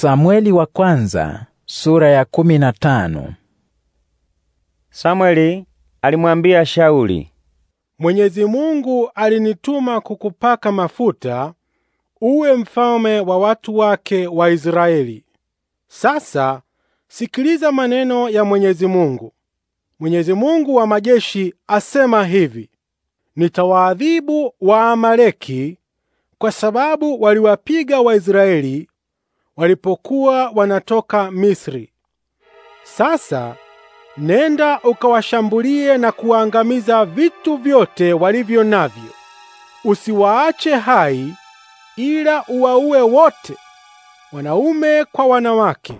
Samueli wa kwanza sura ya kumi na tano. alimwambia Shauli, Mwenyezi Mungu alinituma kukupaka mafuta uwe mfalme wa watu wake wa Israeli. Sasa sikiliza maneno ya Mwenyezi Mungu. Mwenyezi Mungu wa majeshi asema hivi: Nitawaadhibu wa amaleki kwa sababu waliwapiga Waisraeli walipokuwa wanatoka Misri. Sasa nenda ukawashambulie na kuangamiza vitu vyote walivyo navyo. Usiwaache hai, ila uwaue wote, wanaume kwa wanawake,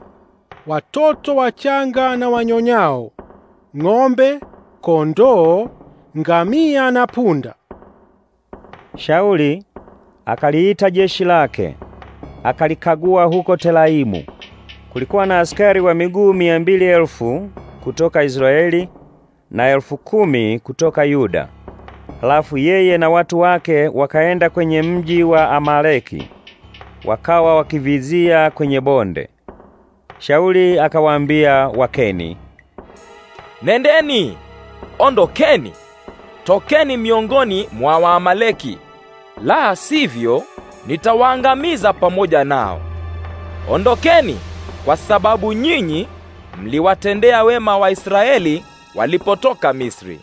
watoto wachanga na wanyonyao, ng'ombe, kondoo, ngamia na punda. Shauli akaliita jeshi lake akalikagua huko Telaimu. Kulikuwa na askari wa miguu mia mbili elfu kutoka Israeli na elfu kumi kutoka Yuda. Halafu yeye na watu wake wakaenda kwenye mji wa Amaleki, wakawa wakivizia kwenye bonde. Shauli akawaambia Wakeni, nendeni, ondokeni, tokeni miongoni mwa Waamaleki, la sivyo nitawaangamiza pamoja nao. Ondokeni, kwa sababu nyinyi mliwatendea wema Israeli walipotoka Misri.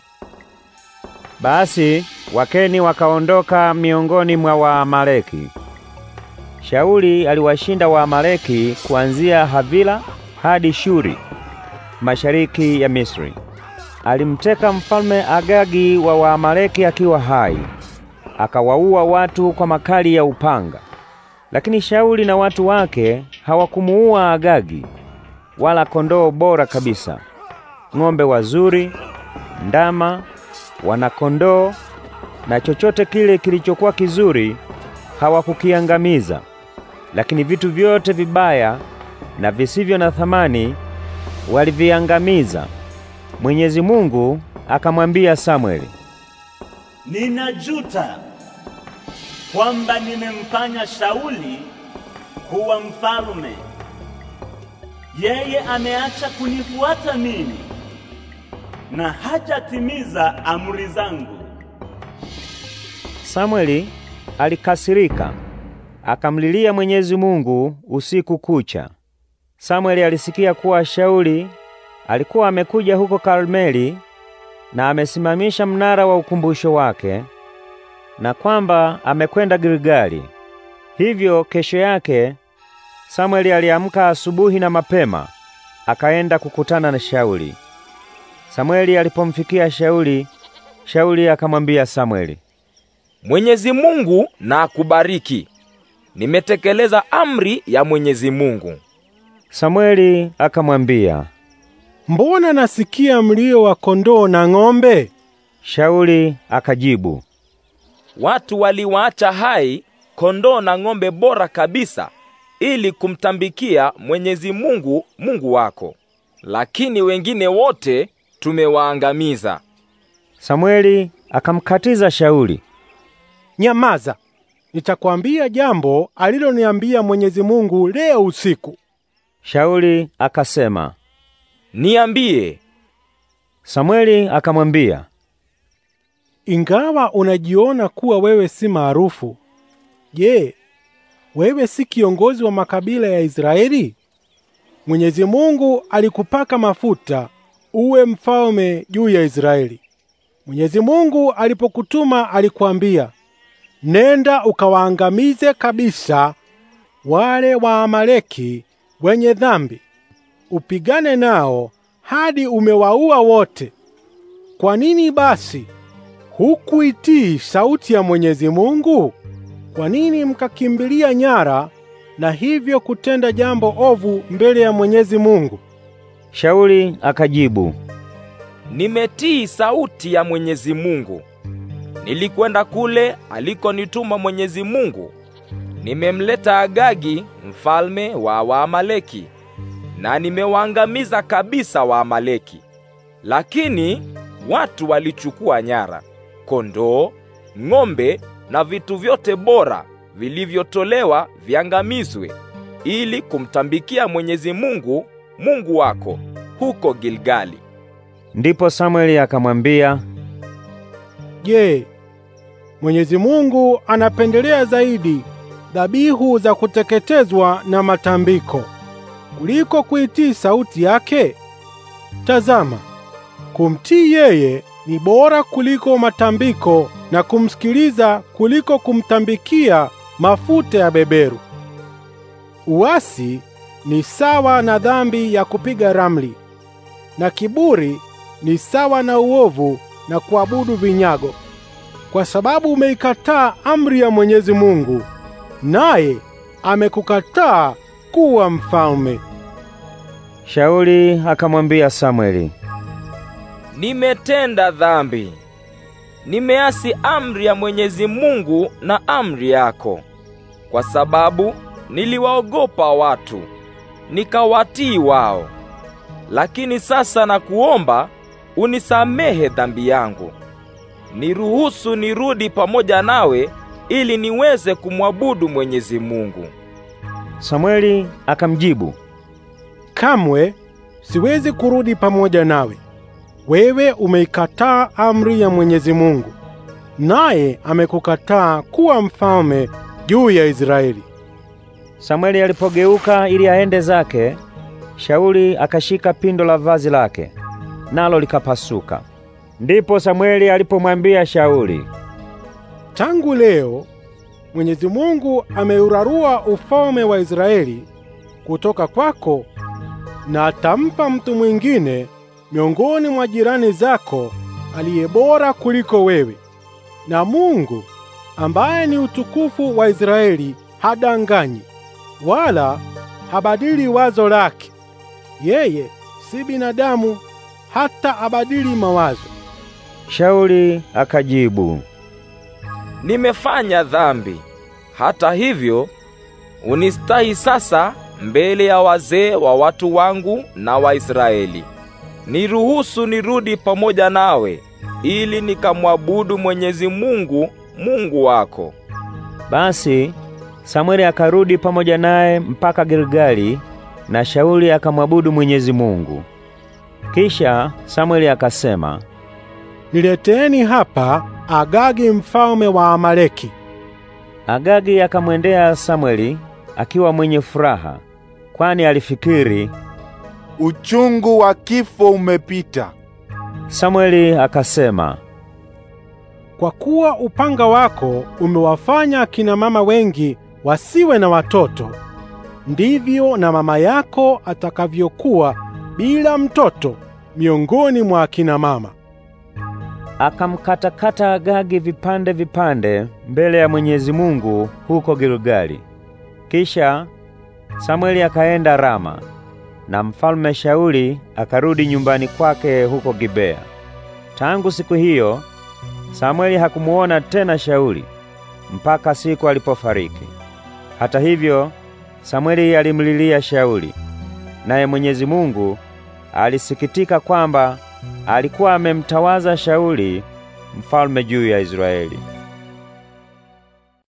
Basi Wakeni wakaondoka miongoni mwa Waamaleki. Shauli aliwashinda Waamaleki kuanzia Havila hadi Shuri mashariki ya Misri. Alimteka mfalme Agagi wa Waamaleki akiwa hai akawaua watu kwa makali ya upanga. Lakini Shauli na watu wake hawakumuua Agagi wala kondoo bora kabisa, ng'ombe wazuri, ndama, wanakondoo na chochote kile kilichokuwa kizuri hawakukiangamiza. Lakini vitu vyote vibaya na visivyo na thamani waliviangamiza. Mwenyezi Mungu akamwambia Samweli, ninajuta kwamba nimemfanya Sauli kuwa mfalme, yeye ameacha kunifuata mimi na hajatimiza amri zangu. Samweli alikasirika, akamlilia Mwenyezi Mungu usiku kucha. Samweli alisikia kuwa Shauli alikuwa amekuja huko Karmeli na amesimamisha mnara wa ukumbusho wake na kwamba amekwenda Gilgali. Hivyo kesho yake Samweli aliamka asubuhi na mapema, akaenda kukutana na Shauli. Samweli alipomfikia Shauli, Shauli akamwambia Samweli, Mwenyezi Mungu na akubariki. Nimetekeleza amri ya Mwenyezi Mungu. Samweli akamwambia, Mbona nasikia mlio wa kondoo na ng'ombe? Shauli akajibu, Watu waliwaacha hai kondoo na ng'ombe bora kabisa ili kumtambikia Mwenyezi Mungu Mungu wako, lakini wengine wote tumewaangamiza. Samweli akamkatiza Shauli, nyamaza, nitakwambia jambo aliloniambia Mwenyezi Mungu leo usiku. Shauli akasema, niambie. Samweli akamwambia, ingawa unajiona kuwa wewe si maarufu, je, wewe si kiongozi wa makabila ya Israeli? Mwenyezi Mungu alikupaka mafuta uwe mfalme juu ya Israeli. Mwenyezi Mungu alipokutuma alikwambia, nenda ukawaangamize kabisa wale wa amaleki wenye dhambi, upigane nao hadi umewaua wote. Kwa nini basi hukuitii sauti ya Mwenyezi Mungu? Kwa nini mkakimbilia nyara na hivyo kutenda jambo ovu mbele ya Mwenyezi Mungu? Shauli akajibu, nimetii sauti ya Mwenyezi Mungu. Nilikwenda kule alikonituma Mwenyezi Mungu. Nimemleta Agagi mfalme wa Waamaleki na nimewaangamiza kabisa Waamaleki, lakini watu walichukua nyara kondoo, ng'ombe na vitu vyote bora vilivyotolewa viangamizwe, ili kumtambikia Mwenyezi Mungu, Mungu wako huko Gilgali. Ndipo samueli akamwambia, Je, Mwenyezi Mungu anapendelea zaidi dhabihu za kuteketezwa na matambiko kuliko kuitii sauti yake? Tazama, kumtii yeye ni bora kuliko matambiko na kumsikiliza kuliko kumtambikia mafuta ya beberu. Uasi ni sawa na dhambi ya kupiga ramli, na kiburi ni sawa na uovu na kuabudu vinyago. Kwa sababu umeikataa amri ya Mwenyezi Mungu, naye amekukataa kuwa mfalme. Shauli akamwambia Samweli, nimetenda dhambi, nimeasi amri ya Mwenyezi Mungu na amri yako, kwa sababu niliwaogopa watu nikawatii wao. Lakini sasa nakuomba unisamehe dhambi yangu, niruhusu nirudi pamoja nawe ili niweze kumwabudu Mwenyezi Mungu. Samweli akamjibu, Kamwe siwezi kurudi pamoja nawe wewe umeikataa amri ya Mwenyezi Mungu, naye amekukataa kuwa mfalme juu ya Israeli. Samweli alipogeuka ili aende zake, Shauli akashika pindo la vazi lake, nalo likapasuka. Ndipo Samweli alipomwambia Shauli, tangu leo Mwenyezi Mungu ameurarua ufalme wa Israeli kutoka kwako na atampa mtu mwingine miongoni mwa jirani zako aliye bora kuliko wewe. Na Mungu ambaye ni utukufu wa Israeli hadanganyi wala habadili wazo lake. Yeye si binadamu hata abadili mawazo. Shauli akajibu, nimefanya dhambi, hata hivyo unistahi sasa mbele ya wazee wa watu wangu na Waisraeli niruhusu nirudi pamoja nawe ili nikamwabudu Mwenyezi Mungu, Mungu wako. Basi Samweli akarudi pamoja naye mpaka Gilgali na Shauli akamwabudu Mwenyezi Mungu. Kisha Samweli akasema, nileteeni hapa Agagi mfalme wa Amaleki. Agagi akamwendea Samweli akiwa mwenye furaha, kwani alifikiri uchungu wa kifo umepita. Samueli akasema, kwa kuwa upanga wako umewafanya kina mama wengi wasiwe na watoto, ndivyo na mama yako atakavyokuwa bila mtoto miongoni mwa kina mama. Akamkatakata Agagi vipande vipande mbele ya Mwenyezi Mungu huko Gilgali. Kisha Samweli akaenda Rama na mfalme Shauli akarudi nyumbani kwake huko Gibea. Tangu siku hiyo Samweli hakumuona tena Shauli mpaka siku alipofariki. Hata hivyo, Samweli alimlilia Shauli, naye Mwenyezi Mungu alisikitika kwamba alikuwa amemtawaza Shauli mfalme juu ya Israeli.